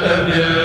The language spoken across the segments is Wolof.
tabdil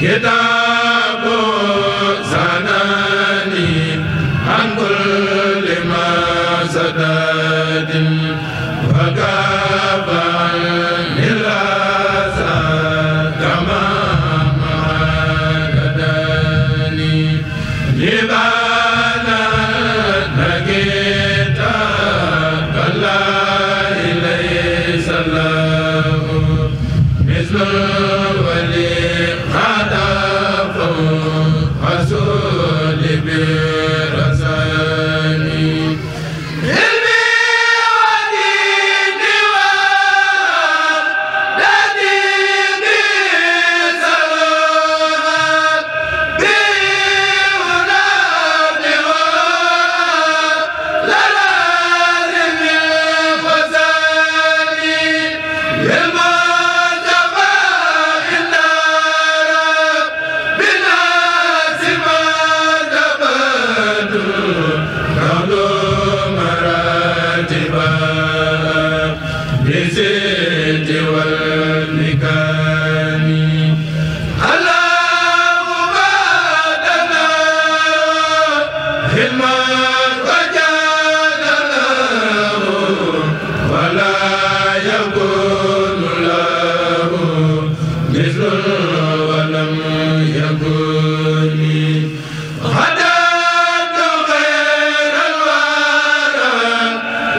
Get down. بكى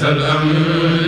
salaam